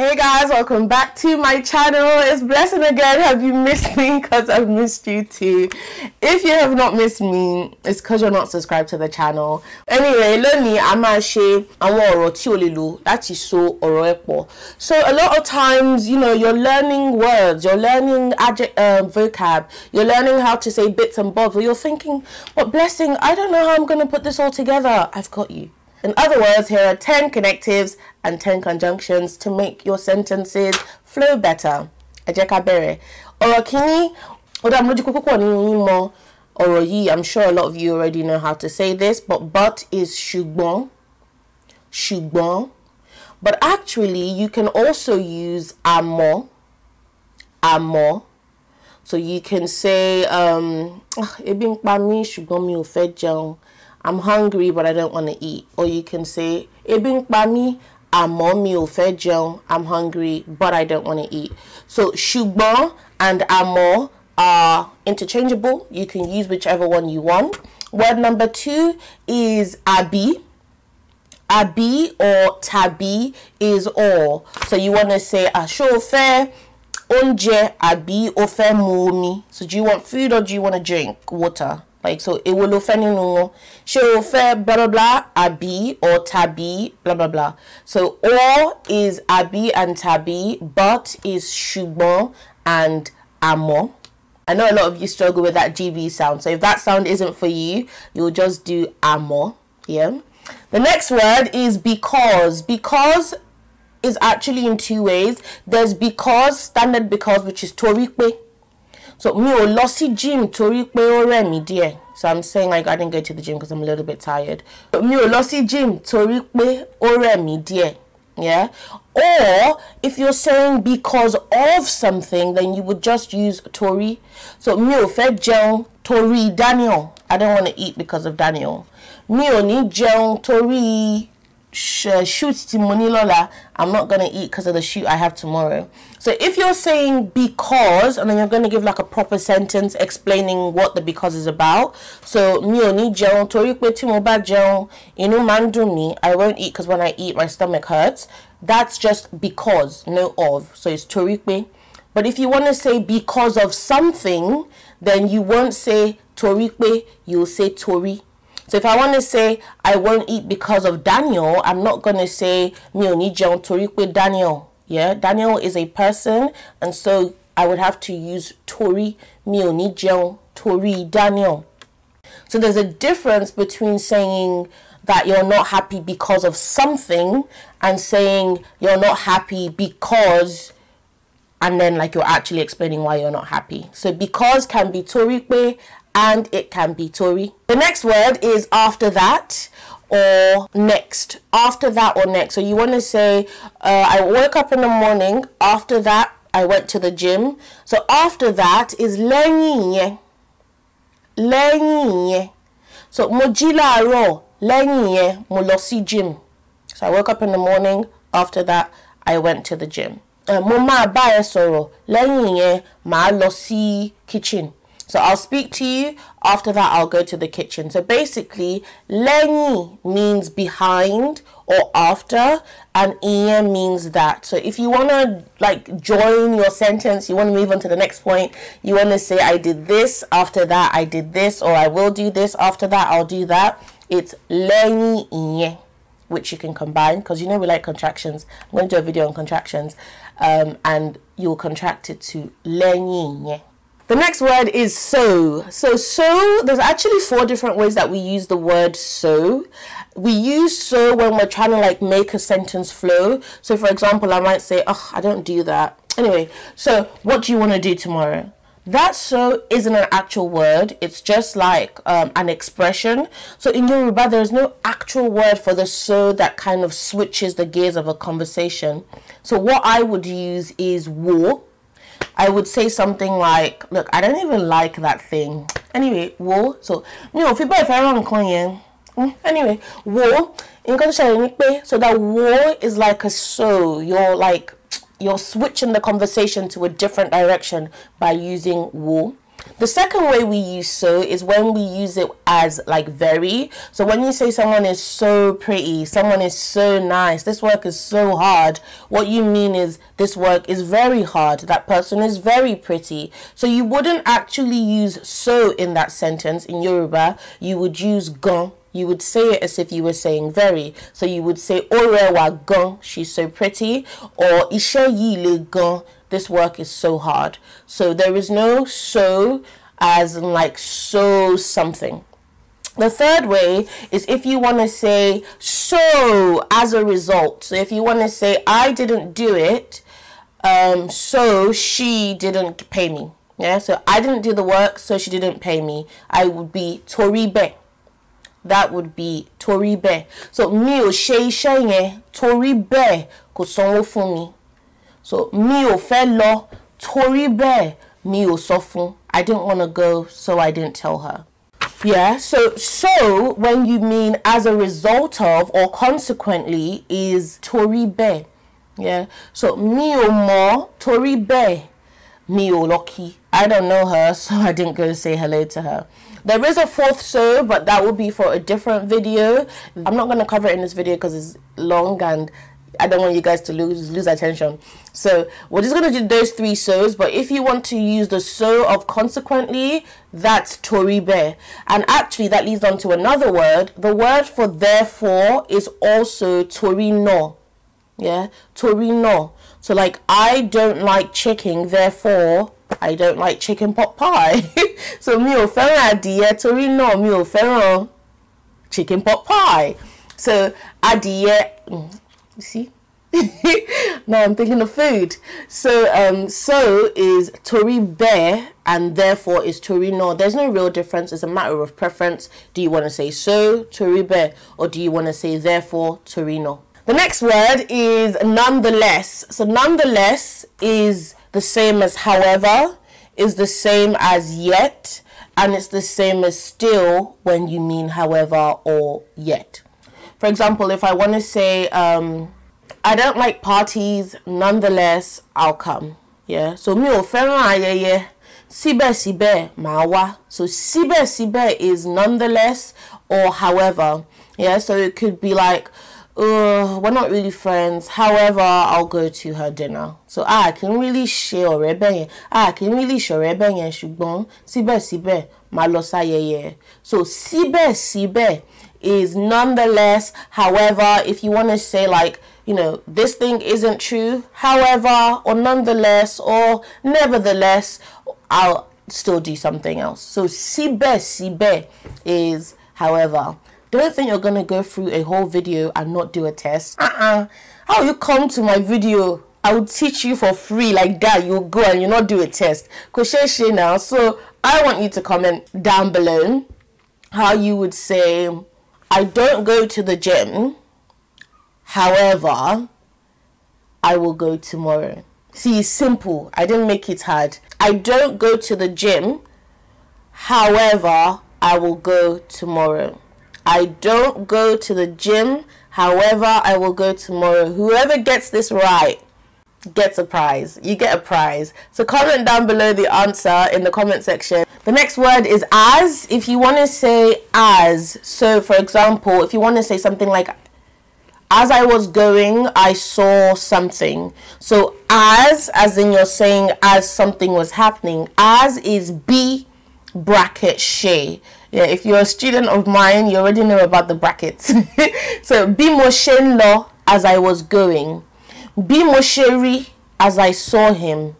Hey guys, welcome back to my channel. It's Blessing again. Have you missed me? Because I've missed you too. If you have not missed me, it's because you're not subscribed to the channel. Anyway, lónìí a máa ṣe àwọn ọ̀rọ̀ tí o lè That is so ọ̀rọ̀ So a lot of times, you know, you're learning words, you're learning um, vocab, you're learning how to say bits and bobs, or you're thinking, but Blessing, I don't know how I'm going to put this all together. I've got you. In other words, here are 10 connectives and 10 conjunctions to make your sentences flow better. Ẹ bẹ̀rẹ̀. Ọ̀rọ̀ kìíní, yín yìí. I'm sure a lot of you already know how to say this, but but is shugbon shugbon. But actually, you can also use àmọ́. Àmọ́. So you can say, um, ah, ebi ń pa mí ṣùgbọ́n mi sugbon I'm hungry but I don't want to eat. Or you can say, Ebi ń pa mí, àmọ́ fẹ́ i I'm hungry but I don't want to eat. So ṣùgbọ́n and àmọ́ are interchangeable. You can use whichever one you want. Word number two is àbí. Àbí or tàbí is all. So you want to say aṣọ show fẹ́ oúnjẹ àbí o fẹ́ So do you want food or do you want to drink water? like so it will offer you know she will fẹ́ blah blah blah àbí or tàbí blah blah blah so or is àbí and tàbí but is ṣùgbọ́n and àmọ́. I know a lot of you struggle with that GB sound so if that sound isn't for you you'll just do àmọ́ yeah. The next word is because. Because is actually in two ways. There's because, standard because, which is torí so me ò lossy gym torí pé ó dear. so i'm saying like i didn't go to the gym because i'm a little bit tired But ò lossy sí gym torí pé ó dear. yeah or if you're saying because of something then you would just use torí so me ò fẹ́ jẹun torí Daniel i don't want to eat because of Daniel Me ò ní jẹun torí uh, shoot timoni lola i'm not gonna eat because of the shoot i have tomorrow so if you're saying because and then you're gonna give like a proper sentence explaining what the because is about so mi ò ní torí pé tí mo bá inú i won't eat because when i eat my stomach hurts that's just because no of so it's torí but if you want to say because of something then you won't say tori pé you'll say torí so if I want to say I won't eat because of Daniel, I'm not going to say mi ò ní jẹun torí Daniel. Yeah, Daniel is a person and so I would have to use torí mi ò ní jẹun torí Daniel. So there's a difference between saying that you're not happy because of something and saying you're not happy because and then like you're actually explaining why you're not happy. So because can be torí pé and it can be Tory. The next word is after that or next. After that or next. So you want to say, uh, I woke up in the morning. After that, I went to the gym. So after that lenye, lenye. So mojila ro lenye Lẹ́yìn sí gym. So I woke up in the morning. After that, I went to the gym. Uh, mo máa bá esoro lenye ma lọ sí kitchen. So I'll speak to you. After that, I'll go to the kitchen. So basically, lenyi means behind or after, and ie means that. So if you want to like join your sentence, you want to move on to the next point, you want to say, I did this, after that, I did this, or I will do this, after that, I'll do that. It's lenyi ie which you can combine because you know we like contractions. I'm going to do a video on contractions um, and you'll contract it to lenyi. The next word is so. So, so, there's actually four different ways that we use the word so. We use so when we're trying to like make a sentence flow. So, for example, I might say, oh, I don't do that. Anyway, so what do you want to do tomorrow? That so isn't an actual word, it's just like um, an expression. So in Yoruba, there's no actual word for the so that kind of switches the gears of a conversation. So what I would use is wo, I would say something like, look, I don't even like that thing. Anyway, wo, so, mi ò fi bẹ́ẹ̀ fẹ́ràn nǹkan yẹn. Anyway, wo, In tó ṣẹlẹ̀ ni pé, so that wo is like a so, you're like, you're switching the conversation to a different direction by using wo. The second way we use so is when we use it as like very. So when you say someone is so pretty, someone is so nice, this work is so hard, what you mean is this work is very hard, that person is very pretty. So you wouldn't actually use so in that sentence in Yoruba, you would use gon you would say it as if you were saying very. So you would say, Ore wa gan, she's so pretty, or Ishe yi le gan, this work is so hard. So there is no so as in like so something. The third way is if you want to say so as a result. So if you want to say I didn't do it, um, so she didn't pay me. Yeah, so I didn't do the work, so she didn't pay me. I would be toribe. That would be toribe. So mi o she ise yen toribe ko sanwo fun me so mi ò fẹ́ lọ torí bẹ́ẹ̀ mi ò sọ fún I didn't want to go so I didn't tell her. Yeah, so so when you mean as a result of or consequently is torí bẹ́ẹ̀. Yeah, so mi ò mọ̀ torí bẹ́ẹ̀ mi ò I don't know her so I didn't go say hello to her. There is a fourth so, but that will be for a different video. I'm not going to cover it in this video because it's long and I don't want you guys to lose lose attention. So we're just gonna do those three sows, but if you want to use the so of consequently, that's toribe. And actually that leads on to another word. The word for therefore is also torino. Yeah, torino. So like I don't like chicken, therefore I don't like chicken pot pie. so mi ò adìẹ, torí no mi ò chicken pot pie. So adìẹ you see? now I'm thinking of food. So um so is Tori Bear and therefore is Tori No. There's no real difference. It's a matter of preference. Do you want to say so Tori Bear or do you want to say therefore Torino? The next word is nonetheless. So nonetheless is the same as however, is the same as yet, and it's the same as still when you mean however or yet for example, if I want to say, um, I don't like parties, nonetheless, I'll come. Yeah. So mi ò fẹ́ràn ayẹyẹ. sibe màá wá. So sibe is nonetheless or however. Yeah. So it could be like, uh, we're not really friends. However, I'll go to her dinner. So I can really share. ọ̀rẹ́ bẹ́yẹn. A really share. bẹ́yẹn ṣùgbọ́n síbẹ̀síbẹ̀ màá lọ sáyẹyẹ. So síbẹ̀síbẹ̀ is nonetheless however if you want to say like you know this thing isn't true however or nonetheless or nevertheless i'll still do something else so sibe sibe is however don't think you're gonna go through a whole video and not do a test uh-uh how you come to my video I will teach you for free like that. You'll go and you'll not do a test. Kosheshe now. So I want you to comment down below how you would say I don't go to the gym. However, I will go tomorrow. See, simple. I didn't make it hard. I don't go to the gym. However, I will go tomorrow. I don't go to the gym. However, I will go tomorrow. Whoever gets this right gets a prize. You get a prize. So comment down below the answer in the comment section. The next word is as. If you want to say as, so for example, if you want to say something like, as I was going, I saw something. So as, as in you're saying as something was happening. As is B bracket she. Yeah, if you're a student of mine, you already know about the brackets. so, bimo shenlo as I was going bí Moshe rí as I saw him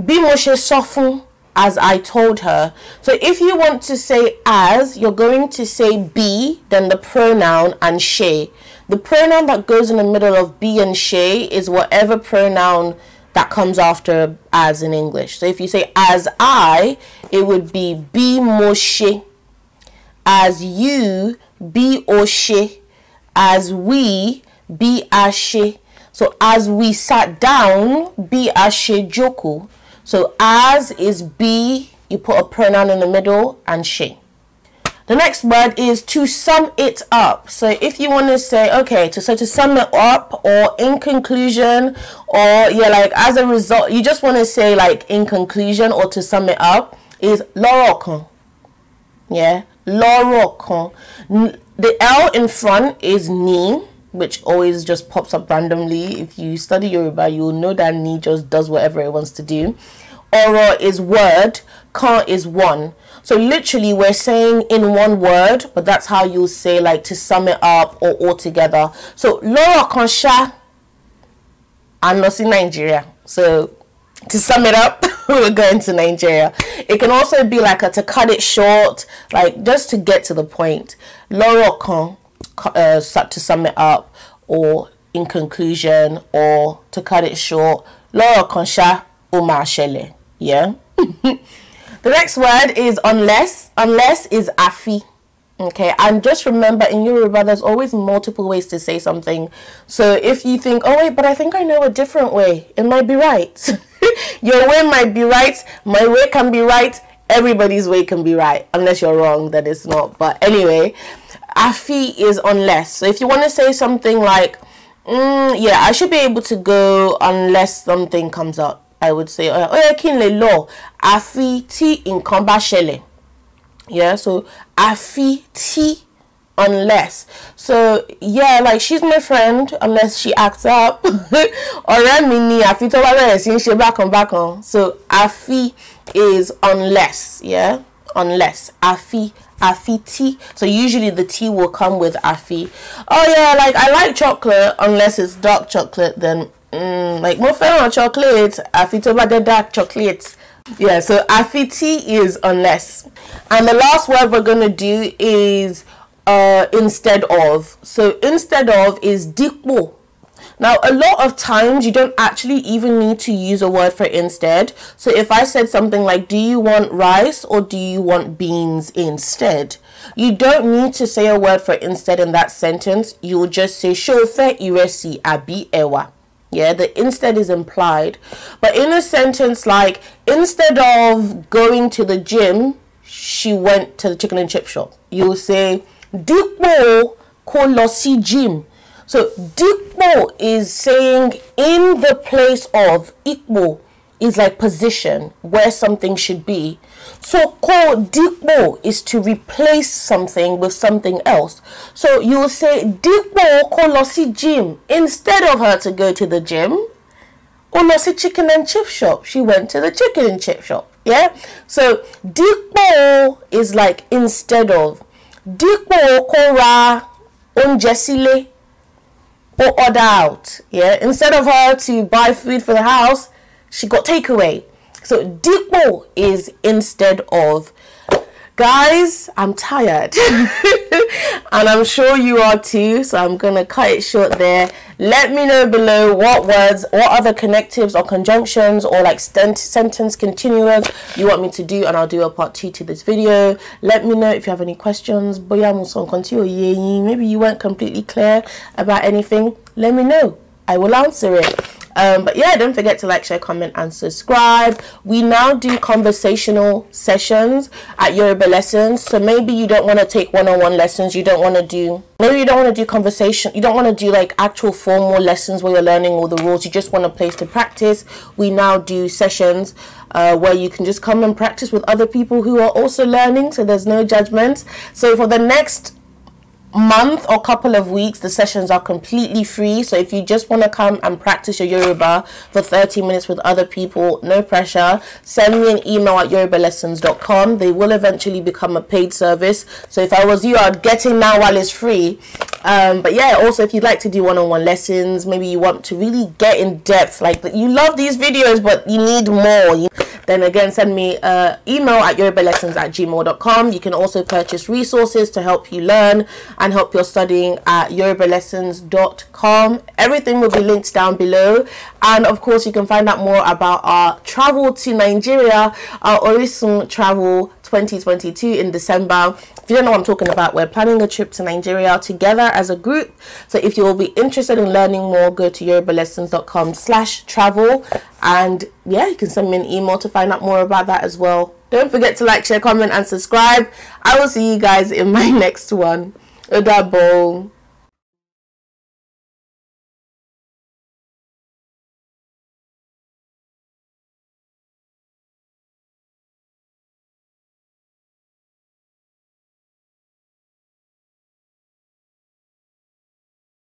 bí Moshe Sofu as I told her. So if you want to say as, you're going to say be, then the pronoun and she. The pronoun that goes in the middle of be and she is whatever pronoun that comes after as in English. So if you say as I, it would be be Moshe. As you, be o she. As we, be as she. So as we sat down, bi ashe So as is be, you put a pronoun in the middle and she. The next word is to sum it up. So if you want to say, okay, to, so to sum it up or in conclusion or yeah, like as a result, you just want to say like in conclusion or to sum it up is lorokon. Yeah, lorokon. The L in front is ni which always just pops up randomly. If you study Yoruba, you'll know that ni just does whatever it wants to do. Oro is word, ka is one. So literally we're saying in one word, but that's how you'll say like to sum it up or all together. So Laura i and not in Nigeria. So to sum it up, we're going to Nigeria. It can also be like a to cut it short, like just to get to the point. Loro Konsha uh, to sum it up or in conclusion or to cut it short lọ́rọ̀ kan ṣá ó yeah the next word is unless unless is àfi okay and just remember in Yoruba there's always multiple ways to say something so if you think oh wait but I think I know a different way it might be right your way might be right my way can be right everybody's way can be right unless you're wrong then it's not but anyway afi is unless. So if you want to say something like, mm, yeah, I should be able to go unless something comes up. I would say, oh, oh yeah, kinle law, afi ti nkan ba Yeah, so afi ti unless. So yeah, like she's my friend unless she acts up. Ọ̀rẹ́ mi ni àfi tó bá bẹ̀rẹ̀ sí ń ṣe So àfi is unless, yeah? Unless. Àfi afi tea so usually the tea will come with afi oh yeah like i like chocolate unless it's dark chocolate then mm, like more fair chocolate afi to the dark chocolate yeah so afi tea is unless and the last word we're gonna do is uh instead of so instead of is dikpo now, a lot of times you don't actually even need to use a word for instead. So if I said something like, do you want rice or do you want beans instead? You don't need to say a word for instead in that sentence. You will just say, shofe iresi abi ewa. Yeah, the instead is implied. But in a sentence like, instead of going to the gym, she went to the chicken and chip shop. You will say, dípò kó lọ sí gym. So Dikbo is saying in the place of Ikbo is like position where something should be. So ko dikbo is to replace something with something else. So you will say dikbo ko losi gym. Instead of her to go to the gym, or losi chicken and chip shop. She went to the chicken and chip shop. Yeah. So dikbo is like instead of dikbo ko ra onjesile or order out. Yeah, instead of her to buy food for the house, she got takeaway. So dipo is instead of Guys, I'm tired. and I'm sure you are too, so I'm going to cut it short there. Let me know below what words, what other connectives or conjunctions or like sentence continuous you want me to do and I'll do a part two to this video. Let me know if you have any questions. Maybe you weren't completely clear about anything. Let me know. I will answer it. Um, but yeah, don't forget to like, share, comment, and subscribe. We now do conversational sessions at Yoruba Lessons. So maybe you don't want to take one-on-one lessons. You don't want to do, maybe you don't want to do conversation. You don't want to do like actual formal lessons where you're learning all the rules. You just want a place to practice. We now do sessions uh, where you can just come and practice with other people who are also learning. So there's no judgment. So for the next month or couple of weeks the sessions are completely free so if you just want to come and practice your yoruba for 30 minutes with other people no pressure send me an email at yorubalessons.com they will eventually become a paid service so if i was you i'd get in now while it's free um, but yeah also if you'd like to do one-on-one lessons maybe you want to really get in depth like you love these videos but you need more you then again send me an uh, email at yorubalessons at gmail.com. You can also purchase resources to help you learn and help your studying at yorubalessons.com. Everything will be linked down below. And of course, you can find out more about our travel to Nigeria, our Orisun travel 2022 in December. If you don't know what I'm talking about, we're planning a trip to Nigeria together as a group. So if you will be interested in learning more, go to yorubalessons.com slash travel. And yeah, you can send me an email to find out more about that as well. Don't forget to like, share, comment, and subscribe. I will see you guys in my next one. Odabo.